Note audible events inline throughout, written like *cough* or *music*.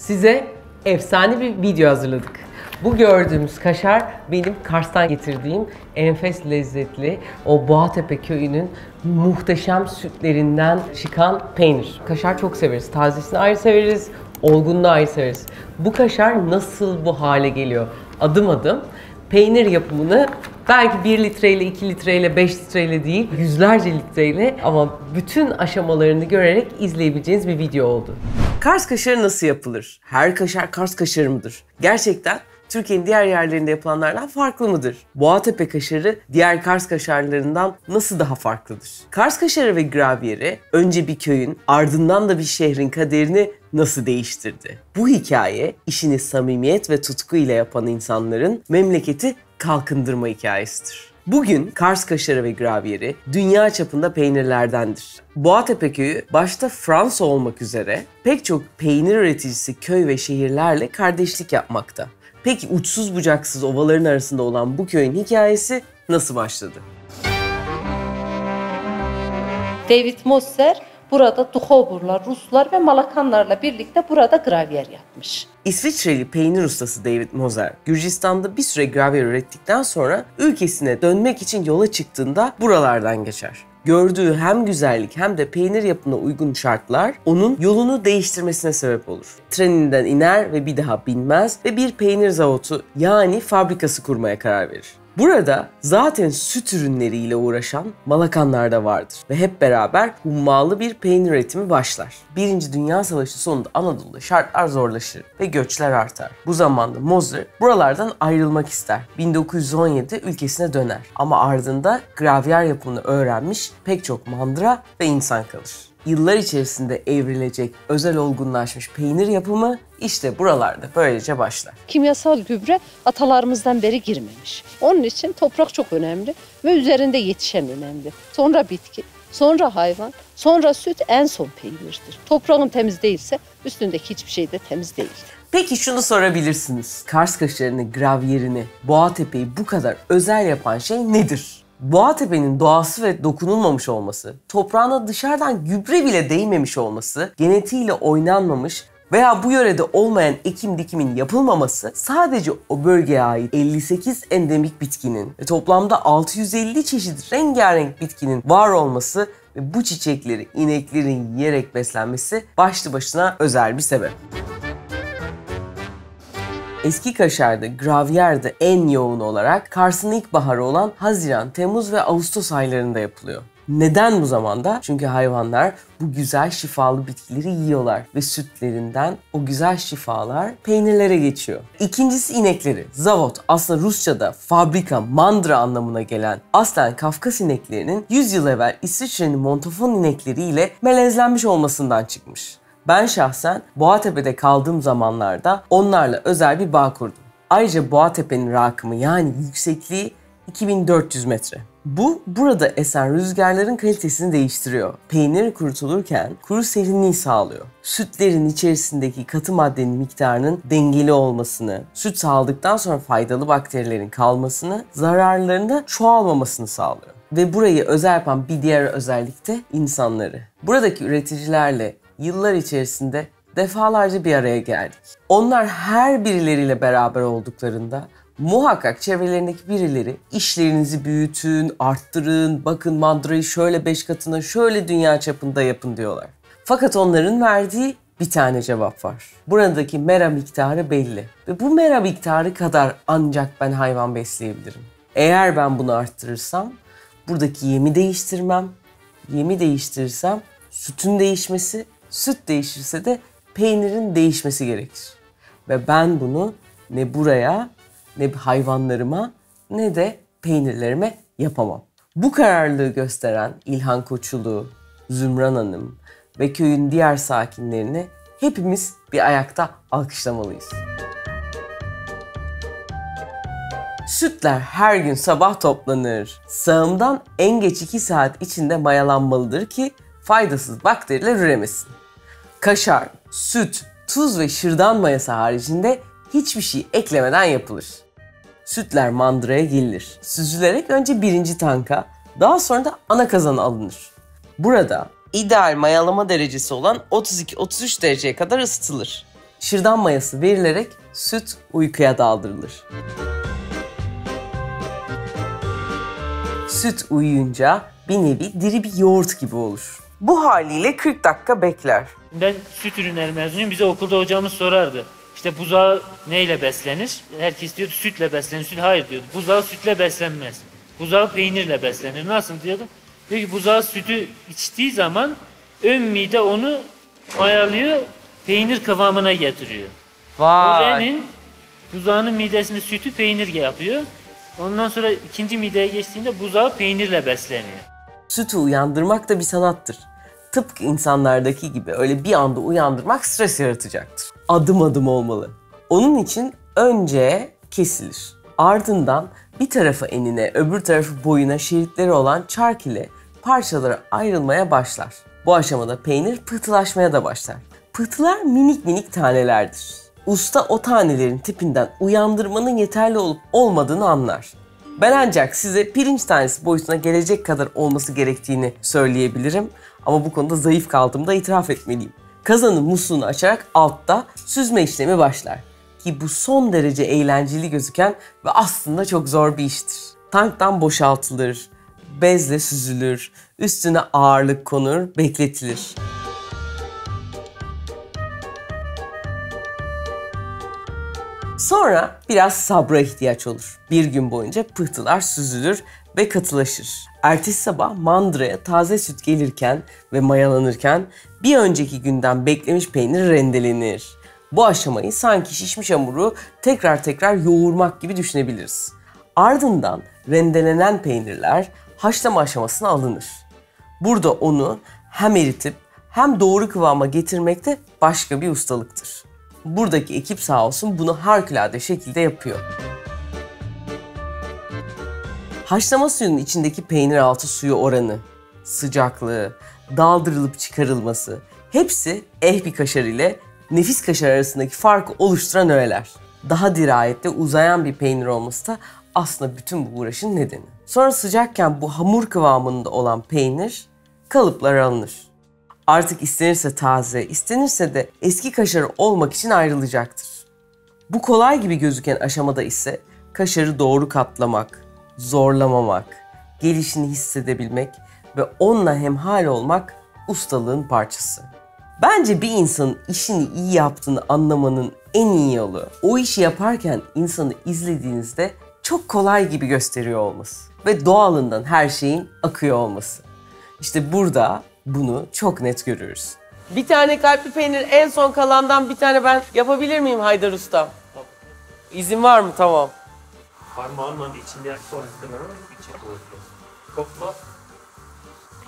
Size efsane bir video hazırladık. Bu gördüğümüz kaşar benim Kars'tan getirdiğim enfes lezzetli o Boğatepe köyünün muhteşem sütlerinden çıkan peynir. Kaşar çok severiz. Tazesini ayrı severiz, olgunluğu ayrı severiz. Bu kaşar nasıl bu hale geliyor? Adım adım peynir yapımını belki 1 litreyle, 2 litreyle, 5 litreyle değil yüzlerce litreyle ama bütün aşamalarını görerek izleyebileceğiniz bir video oldu. Kars kaşarı nasıl yapılır? Her kaşar Kars kaşarı mıdır? Gerçekten Türkiye'nin diğer yerlerinde yapılanlardan farklı mıdır? Boğatepe kaşarı diğer Kars kaşarlarından nasıl daha farklıdır? Kars kaşarı ve grabiyeri önce bir köyün ardından da bir şehrin kaderini nasıl değiştirdi? Bu hikaye işini samimiyet ve tutku ile yapan insanların memleketi kalkındırma hikayesidir. Bugün Kars kaşarı ve gravyeri dünya çapında peynirlerdendir. Boğatepe köyü başta Fransa olmak üzere pek çok peynir üreticisi köy ve şehirlerle kardeşlik yapmakta. Peki uçsuz bucaksız ovaların arasında olan bu köyün hikayesi nasıl başladı? David Moser Burada Duhoburlar, Ruslar ve Malakanlarla birlikte burada gravyer yapmış. İsviçreli peynir ustası David Moser, Gürcistan'da bir süre gravyer ürettikten sonra ülkesine dönmek için yola çıktığında buralardan geçer. Gördüğü hem güzellik hem de peynir yapına uygun şartlar onun yolunu değiştirmesine sebep olur. Treninden iner ve bir daha binmez ve bir peynir zavotu yani fabrikası kurmaya karar verir. Burada zaten süt ürünleriyle uğraşan Malakanlar da vardır ve hep beraber hummalı bir peynir üretimi başlar. Birinci Dünya Savaşı sonunda Anadolu'da şartlar zorlaşır ve göçler artar. Bu zamanda Moser buralardan ayrılmak ister. 1917 ülkesine döner ama ardında gravyer yapımını öğrenmiş pek çok mandıra ve insan kalır yıllar içerisinde evrilecek özel olgunlaşmış peynir yapımı işte buralarda böylece başlar. Kimyasal gübre atalarımızdan beri girmemiş. Onun için toprak çok önemli ve üzerinde yetişen önemli. Sonra bitki, sonra hayvan, sonra süt en son peynirdir. Toprağın temiz değilse üstündeki hiçbir şey de temiz değildir. Peki şunu sorabilirsiniz. Kars kaşarını, gravyerini, boğa bu kadar özel yapan şey nedir? Boğatepe'nin doğası ve dokunulmamış olması, toprağına dışarıdan gübre bile değmemiş olması, genetiğiyle oynanmamış veya bu yörede olmayan ekim dikimin yapılmaması sadece o bölgeye ait 58 endemik bitkinin ve toplamda 650 çeşit rengarenk bitkinin var olması ve bu çiçekleri ineklerin yiyerek beslenmesi başlı başına özel bir sebep. Eski kaşarda, gravyerda en yoğun olarak Kars'ın ilkbaharı olan Haziran, Temmuz ve Ağustos aylarında yapılıyor. Neden bu zamanda? Çünkü hayvanlar bu güzel şifalı bitkileri yiyorlar ve sütlerinden o güzel şifalar peynirlere geçiyor. İkincisi inekleri. Zavot aslında Rusça'da fabrika, mandra anlamına gelen aslen Kafkas ineklerinin 100 yıl evvel İsviçre'nin Montafon inekleriyle ile melezlenmiş olmasından çıkmış. Ben şahsen Boğatepe'de kaldığım zamanlarda onlarla özel bir bağ kurdum. Ayrıca Boğatepe'nin rakımı yani yüksekliği 2400 metre. Bu burada esen rüzgarların kalitesini değiştiriyor. Peynir kurutulurken kuru serinliği sağlıyor. Sütlerin içerisindeki katı maddenin miktarının dengeli olmasını, süt sağladıktan sonra faydalı bakterilerin kalmasını, zararlarında çoğalmamasını sağlıyor. Ve burayı özel yapan bir diğer özellik de insanları. Buradaki üreticilerle yıllar içerisinde defalarca bir araya geldik. Onlar her birileriyle beraber olduklarında muhakkak çevrelerindeki birileri işlerinizi büyütün, arttırın, bakın mandrayı şöyle beş katına, şöyle dünya çapında yapın diyorlar. Fakat onların verdiği bir tane cevap var. Buradaki mera miktarı belli ve bu mera miktarı kadar ancak ben hayvan besleyebilirim. Eğer ben bunu arttırırsam buradaki yemi değiştirmem, yemi değiştirirsem sütün değişmesi Süt değişirse de peynirin değişmesi gerekir. Ve ben bunu ne buraya, ne hayvanlarıma, ne de peynirlerime yapamam. Bu kararlılığı gösteren İlhan Koçulu, Zümran Hanım ve köyün diğer sakinlerini hepimiz bir ayakta alkışlamalıyız. Sütler her gün sabah toplanır. Sağımdan en geç 2 saat içinde mayalanmalıdır ki faydasız bakteriler üremesin kaşar, süt, tuz ve şırdan mayası haricinde hiçbir şey eklemeden yapılır. Sütler mandıraya gelir. Süzülerek önce birinci tanka, daha sonra da ana kazana alınır. Burada ideal mayalama derecesi olan 32-33 dereceye kadar ısıtılır. Şırdan mayası verilerek süt uykuya daldırılır. Süt uyuyunca bir nevi diri bir yoğurt gibi olur. Bu haliyle 40 dakika bekler. Ben süt ürünleri mezunuyum. Bize okulda hocamız sorardı. İşte buzağı neyle beslenir? Herkes diyordu sütle beslenir. Süt hayır diyordu. Buzağı sütle beslenmez. Buzağı peynirle beslenir. Nasıl diyordu? Diyor buzağı sütü içtiği zaman ön mide onu mayalıyor, peynir kıvamına getiriyor. Vay. Örenin buzağının midesinde sütü peynir yapıyor. Ondan sonra ikinci mideye geçtiğinde buzağı peynirle besleniyor. Sütü uyandırmak da bir sanattır tıpkı insanlardaki gibi öyle bir anda uyandırmak stres yaratacaktır. Adım adım olmalı. Onun için önce kesilir. Ardından bir tarafı enine, öbür tarafı boyuna şeritleri olan çark ile parçalara ayrılmaya başlar. Bu aşamada peynir pıhtılaşmaya da başlar. Pıhtılar minik minik tanelerdir. Usta o tanelerin tipinden uyandırmanın yeterli olup olmadığını anlar. Ben ancak size pirinç tanesi boyutuna gelecek kadar olması gerektiğini söyleyebilirim. Ama bu konuda zayıf kaldığımı da itiraf etmeliyim. Kazanın musluğunu açarak altta süzme işlemi başlar. Ki bu son derece eğlenceli gözüken ve aslında çok zor bir iştir. Tanktan boşaltılır, bezle süzülür, üstüne ağırlık konur, bekletilir. Sonra biraz sabra ihtiyaç olur. Bir gün boyunca pıhtılar süzülür ve katılaşır. Ertesi sabah mandıraya taze süt gelirken ve mayalanırken bir önceki günden beklemiş peynir rendelenir. Bu aşamayı sanki şişmiş hamuru tekrar tekrar yoğurmak gibi düşünebiliriz. Ardından rendelenen peynirler haşlama aşamasına alınır. Burada onu hem eritip hem doğru kıvama getirmek de başka bir ustalıktır. Buradaki ekip sağ olsun bunu harikulade şekilde yapıyor. Haşlama suyunun içindeki peynir altı suyu oranı, sıcaklığı, daldırılıp çıkarılması hepsi ehbi kaşar ile nefis kaşar arasındaki farkı oluşturan öğeler. Daha dirayette uzayan bir peynir olması da aslında bütün bu uğraşın nedeni. Sonra sıcakken bu hamur kıvamında olan peynir kalıplara alınır. Artık istenirse taze, istenirse de eski kaşarı olmak için ayrılacaktır. Bu kolay gibi gözüken aşamada ise kaşarı doğru katlamak, zorlamamak, gelişini hissedebilmek ve onunla hemhal olmak ustalığın parçası. Bence bir insanın işini iyi yaptığını anlamanın en iyi yolu o işi yaparken insanı izlediğinizde çok kolay gibi gösteriyor olması ve doğalından her şeyin akıyor olması. İşte burada bunu çok net görüyoruz. Bir tane kalpli peynir en son kalandan bir tane ben yapabilir miyim Haydar Usta? İzin var mı? Tamam. Parmağınla içinde sonrasında içi olurdu. Topla.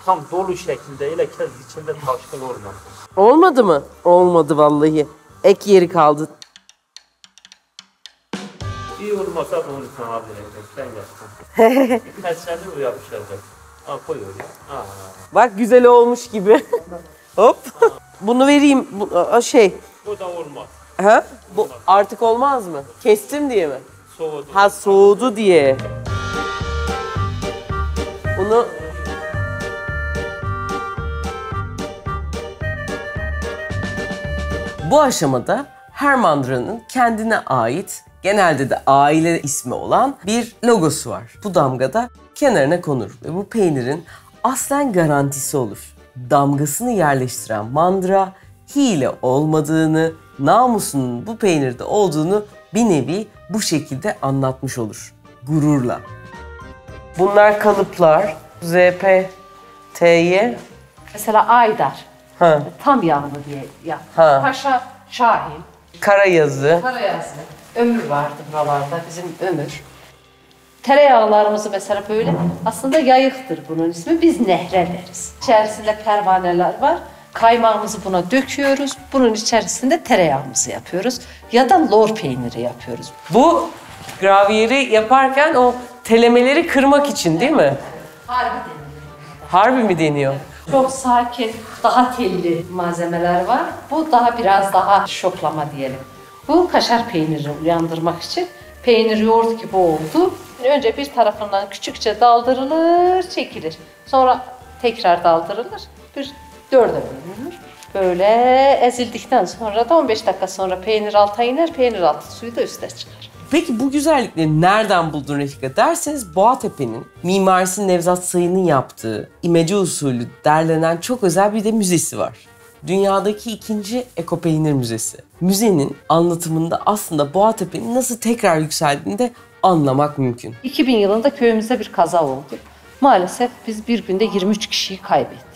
Tam dolu şekilde ile kez içinde taşkın olmaz. Olmadı mı? Olmadı vallahi. Ek yeri kaldı. İyi olmasa bunu sana abi sen yapsın. *laughs* Birkaç sene bu yapışacak. Ha koy oraya. Aa. Bak güzel olmuş gibi. *laughs* Hop. Aa. Bunu vereyim. Bu, a, şey. Bu da olmaz. Ha? Bu olmaz. artık olmaz mı? Kestim diye mi? Soğudu. Ha soğudu diye. Bunu Bu aşamada her mandıranın kendine ait, genelde de aile ismi olan bir logosu var. Bu damgada kenarına konur ve bu peynirin aslen garantisi olur. Damgasını yerleştiren mandra hile olmadığını, namusunun bu peynirde olduğunu bir nevi bu şekilde anlatmış olur. Gururla. Bunlar kalıplar. ZP, TY. Mesela Aydar. Ha. Tam yanlı diye yap. Ha. Paşa, Şahin. Karayazı. Karayazı. Ömür vardı buralarda bizim ömür. Tereyağlarımızı mesela böyle aslında yayıktır bunun ismi. Biz nehre deriz. İçerisinde pervaneler var. Kaymağımızı buna döküyoruz. Bunun içerisinde tereyağımızı yapıyoruz. Ya da lor peyniri yapıyoruz. Bu gravyeri yaparken o telemeleri kırmak için değil mi? Harbi deniyor. Harbi mi deniyor? Çok sakin, daha telli malzemeler var. Bu daha biraz daha şoklama diyelim. Bu kaşar peyniri uyandırmak için peynir yoğurt gibi oldu. Önce bir tarafından küçükçe daldırılır, çekilir. Sonra tekrar daldırılır. Bir dörde bölünür. Böyle ezildikten sonra da 15 dakika sonra peynir alta iner, peynir altı suyu da üste çıkar. Peki bu güzellikleri nereden buldun Refika derseniz Boğatepe'nin mimarisi Nevzat Sayın'ın yaptığı imece usulü derlenen çok özel bir de müzesi var. Dünyadaki ikinci Eko Peynir Müzesi. Müzenin anlatımında aslında Boğatepe'nin nasıl tekrar yükseldiğini de anlamak mümkün. 2000 yılında köyümüzde bir kaza oldu. Maalesef biz bir günde 23 kişiyi kaybettik.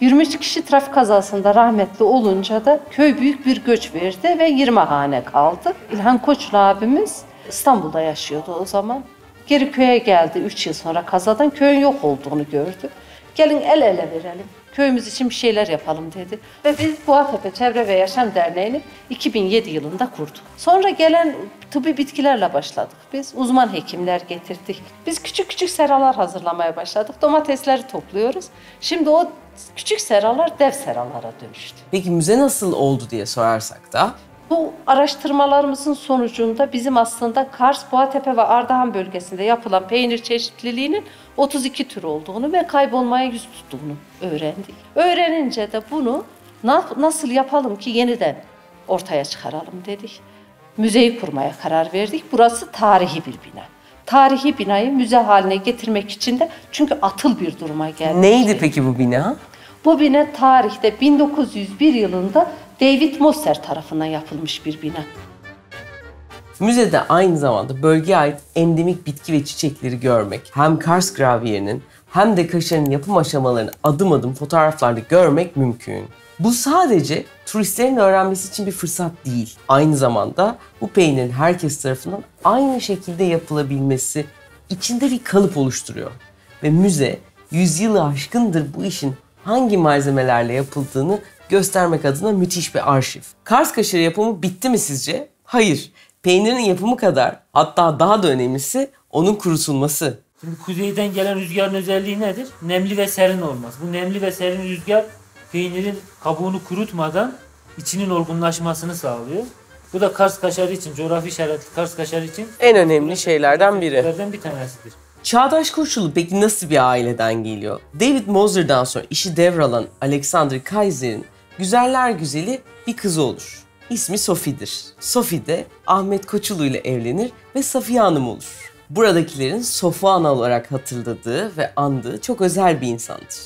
23 kişi trafik kazasında rahmetli olunca da köy büyük bir göç verdi ve 20 hane kaldı. İlhan Koçlu abimiz İstanbul'da yaşıyordu o zaman. Geri köye geldi 3 yıl sonra kazadan köyün yok olduğunu gördü. Gelin el ele verelim. Köyümüz için bir şeyler yapalım dedi. Ve biz Boğatepe Çevre ve Yaşam Derneği'ni 2007 yılında kurduk. Sonra gelen tıbbi bitkilerle başladık. Biz uzman hekimler getirdik. Biz küçük küçük seralar hazırlamaya başladık. Domatesleri topluyoruz. Şimdi o küçük seralar dev seralara dönüştü. Peki müze nasıl oldu diye sorarsak da bu araştırmalarımızın sonucunda bizim aslında Kars, Boğatepe ve Ardahan bölgesinde yapılan peynir çeşitliliğinin 32 tür olduğunu ve kaybolmaya yüz tuttuğunu öğrendik. Öğrenince de bunu nasıl yapalım ki yeniden ortaya çıkaralım dedik. Müzeyi kurmaya karar verdik. Burası tarihi bir bina. Tarihi binayı müze haline getirmek için de çünkü atıl bir duruma geldi. Neydi peki bu bina? Bu bina tarihte 1901 yılında David Moser tarafından yapılmış bir bina. Müzede aynı zamanda bölgeye ait endemik bitki ve çiçekleri görmek, hem Kars graviyerinin hem de kaşarın yapım aşamalarını adım adım fotoğraflarda görmek mümkün. Bu sadece turistlerin öğrenmesi için bir fırsat değil. Aynı zamanda bu peynirin herkes tarafından aynı şekilde yapılabilmesi içinde bir kalıp oluşturuyor. Ve müze yüzyılı aşkındır bu işin hangi malzemelerle yapıldığını göstermek adına müthiş bir arşiv. Kars kaşarı yapımı bitti mi sizce? Hayır. Peynirin yapımı kadar hatta daha da önemlisi onun kurutulması. Şimdi kuzeyden gelen rüzgarın özelliği nedir? Nemli ve serin olmaz. Bu nemli ve serin rüzgar peynirin kabuğunu kurutmadan içinin olgunlaşmasını sağlıyor. Bu da Kars kaşarı için, coğrafi işaretli Kars kaşarı için en önemli şeylerden biri. Bir tanesidir. Çağdaş Koçulu peki nasıl bir aileden geliyor? David Moser'dan sonra işi devralan Alexander Kaiser'in güzeller güzeli bir kızı olur. İsmi Sofi'dir. Sofi de Ahmet Koçulu ile evlenir ve Safiye Hanım olur. Buradakilerin Sofuan olarak hatırladığı ve andığı çok özel bir insandır.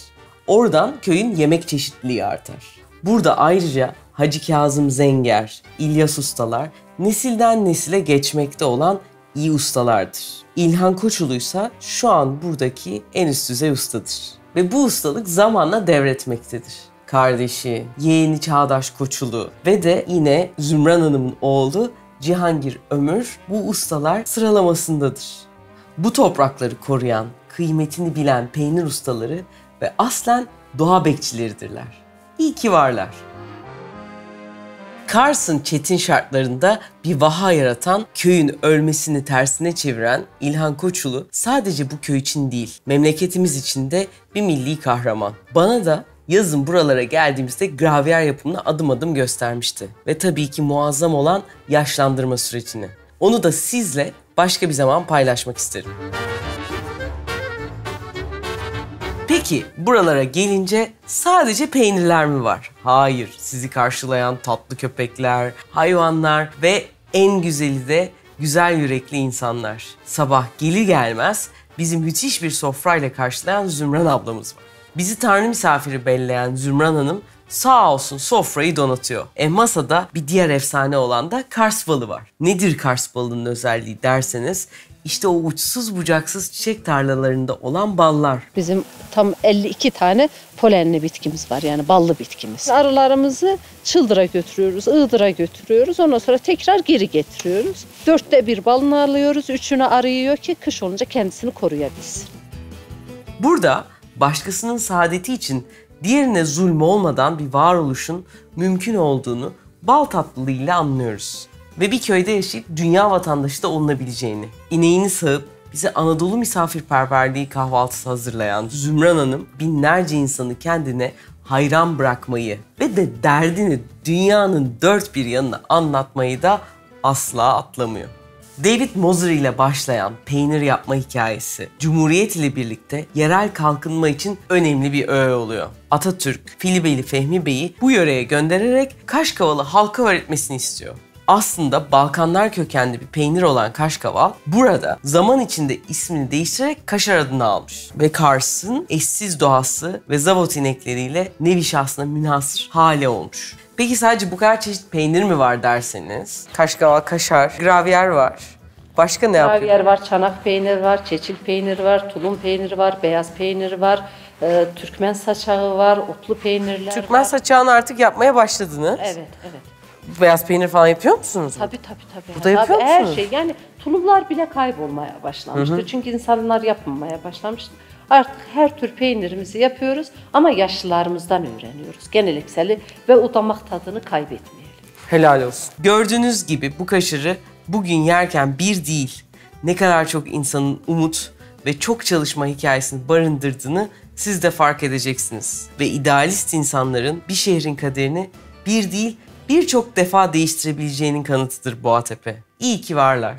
Oradan köyün yemek çeşitliliği artar. Burada ayrıca Hacı Kazım Zenger, İlyas Ustalar nesilden nesile geçmekte olan iyi ustalardır. İlhan Koçulu ise şu an buradaki en üst düzey ustadır ve bu ustalık zamanla devretmektedir kardeşi, yeğeni Çağdaş Koçulu ve de yine Zümran Hanım'ın oğlu Cihangir Ömür bu ustalar sıralamasındadır. Bu toprakları koruyan, kıymetini bilen peynir ustaları ve aslen doğa bekçileridirler. İyi ki varlar. Kars'ın çetin şartlarında bir vaha yaratan, köyün ölmesini tersine çeviren İlhan Koçulu sadece bu köy için değil, memleketimiz için de bir milli kahraman. Bana da yazın buralara geldiğimizde gravyer yapımını adım adım göstermişti. Ve tabii ki muazzam olan yaşlandırma sürecini. Onu da sizle başka bir zaman paylaşmak isterim. Peki buralara gelince sadece peynirler mi var? Hayır, sizi karşılayan tatlı köpekler, hayvanlar ve en güzeli de güzel yürekli insanlar. Sabah gelir gelmez bizim müthiş bir sofrayla karşılayan Zümran ablamız var. Bizi Tanrı misafiri belleyen Zümran Hanım sağ olsun sofrayı donatıyor. E masada bir diğer efsane olan da Kars balı var. Nedir Kars balının özelliği derseniz işte o uçsuz bucaksız çiçek tarlalarında olan ballar. Bizim tam 52 tane polenli bitkimiz var yani ballı bitkimiz. Arılarımızı Çıldır'a götürüyoruz, ığdıra götürüyoruz. Ondan sonra tekrar geri getiriyoruz. Dörtte bir balını alıyoruz, üçünü arıyor ki kış olunca kendisini koruyabilsin. Burada başkasının saadeti için diğerine zulm olmadan bir varoluşun mümkün olduğunu bal tatlılığıyla anlıyoruz. Ve bir köyde yaşayıp dünya vatandaşı da olunabileceğini, ineğini sağıp bize Anadolu misafirperverliği kahvaltısı hazırlayan Zümran Hanım binlerce insanı kendine hayran bırakmayı ve de derdini dünyanın dört bir yanına anlatmayı da asla atlamıyor. David Moser ile başlayan peynir yapma hikayesi Cumhuriyet ile birlikte yerel kalkınma için önemli bir öğe oluyor. Atatürk, Filibeli Fehmi Bey'i bu yöreye göndererek Kaşkavalı halka öğretmesini istiyor. Aslında Balkanlar kökenli bir peynir olan kaşkaval burada zaman içinde ismini değiştirerek kaşar adını almış. Ve Kars'ın eşsiz doğası ve zavot inekleriyle nevi şahsına münhasır hale olmuş. Peki sadece bu kadar çeşit peynir mi var derseniz? Kaşkaval, kaşar, gravyer var. Başka ne yapıyor? Gravyer var, çanak peynir var, çeçil peynir var, tulum peynir var, beyaz peynir var. E, Türkmen saçağı var, otlu peynirler Türkmen var. saçağını artık yapmaya başladınız. Evet, evet. Beyaz peynir falan yapıyor musunuz? Tabii tabii tabii. Bu da yapıyor tabii, musunuz? Her şey yani tulumlar bile kaybolmaya başlamıştı. Hı hı. Çünkü insanlar yapmamaya başlamıştı. Artık her tür peynirimizi yapıyoruz ama yaşlılarımızdan öğreniyoruz. genelikseli ve utamak tadını kaybetmeyelim. Helal olsun. Gördüğünüz gibi bu kaşarı bugün yerken bir değil, ne kadar çok insanın umut ve çok çalışma hikayesini barındırdığını siz de fark edeceksiniz. Ve idealist insanların bir şehrin kaderini bir değil birçok defa değiştirebileceğinin kanıtıdır Boğatepe. İyi ki varlar.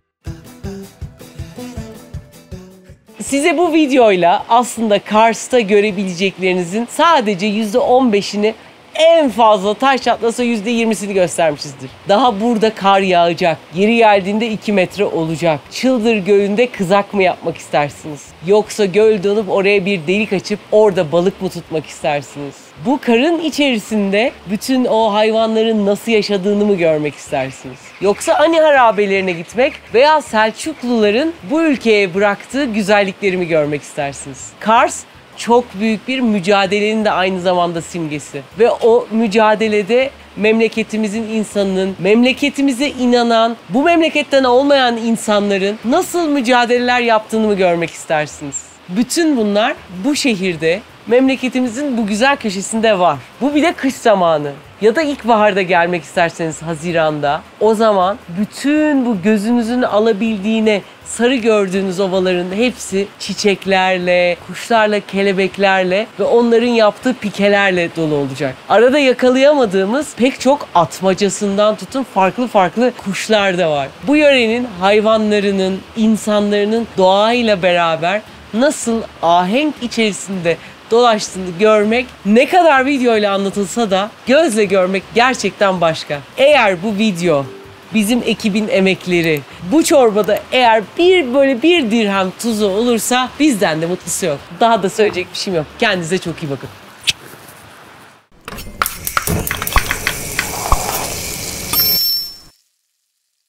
Size bu videoyla aslında Kars'ta görebileceklerinizin sadece %15'ini en fazla taş çatlasa %20'sini göstermişizdir. Daha burada kar yağacak. Yeri geldiğinde 2 metre olacak. Çıldır Gölü'nde kızak mı yapmak istersiniz? Yoksa göl dönüp oraya bir delik açıp orada balık mı tutmak istersiniz? Bu karın içerisinde bütün o hayvanların nasıl yaşadığını mı görmek istersiniz? Yoksa Ani harabelerine gitmek veya Selçukluların bu ülkeye bıraktığı güzelliklerimi görmek istersiniz? Kars çok büyük bir mücadelenin de aynı zamanda simgesi. Ve o mücadelede memleketimizin insanının, memleketimize inanan, bu memleketten olmayan insanların nasıl mücadeleler yaptığını mı görmek istersiniz? Bütün bunlar bu şehirde memleketimizin bu güzel köşesinde var. Bu bir de kış zamanı ya da ilkbaharda gelmek isterseniz Haziran'da o zaman bütün bu gözünüzün alabildiğine sarı gördüğünüz ovaların hepsi çiçeklerle, kuşlarla, kelebeklerle ve onların yaptığı pikelerle dolu olacak. Arada yakalayamadığımız pek çok atmacasından tutun farklı farklı kuşlar da var. Bu yörenin hayvanlarının, insanların doğayla beraber nasıl ahenk içerisinde dolaştığını görmek ne kadar video ile anlatılsa da gözle görmek gerçekten başka. Eğer bu video bizim ekibin emekleri. Bu çorbada eğer bir böyle bir dirhem tuzu olursa bizden de mutlusu yok. Daha da söyleyecek bir şeyim yok. Kendinize çok iyi bakın.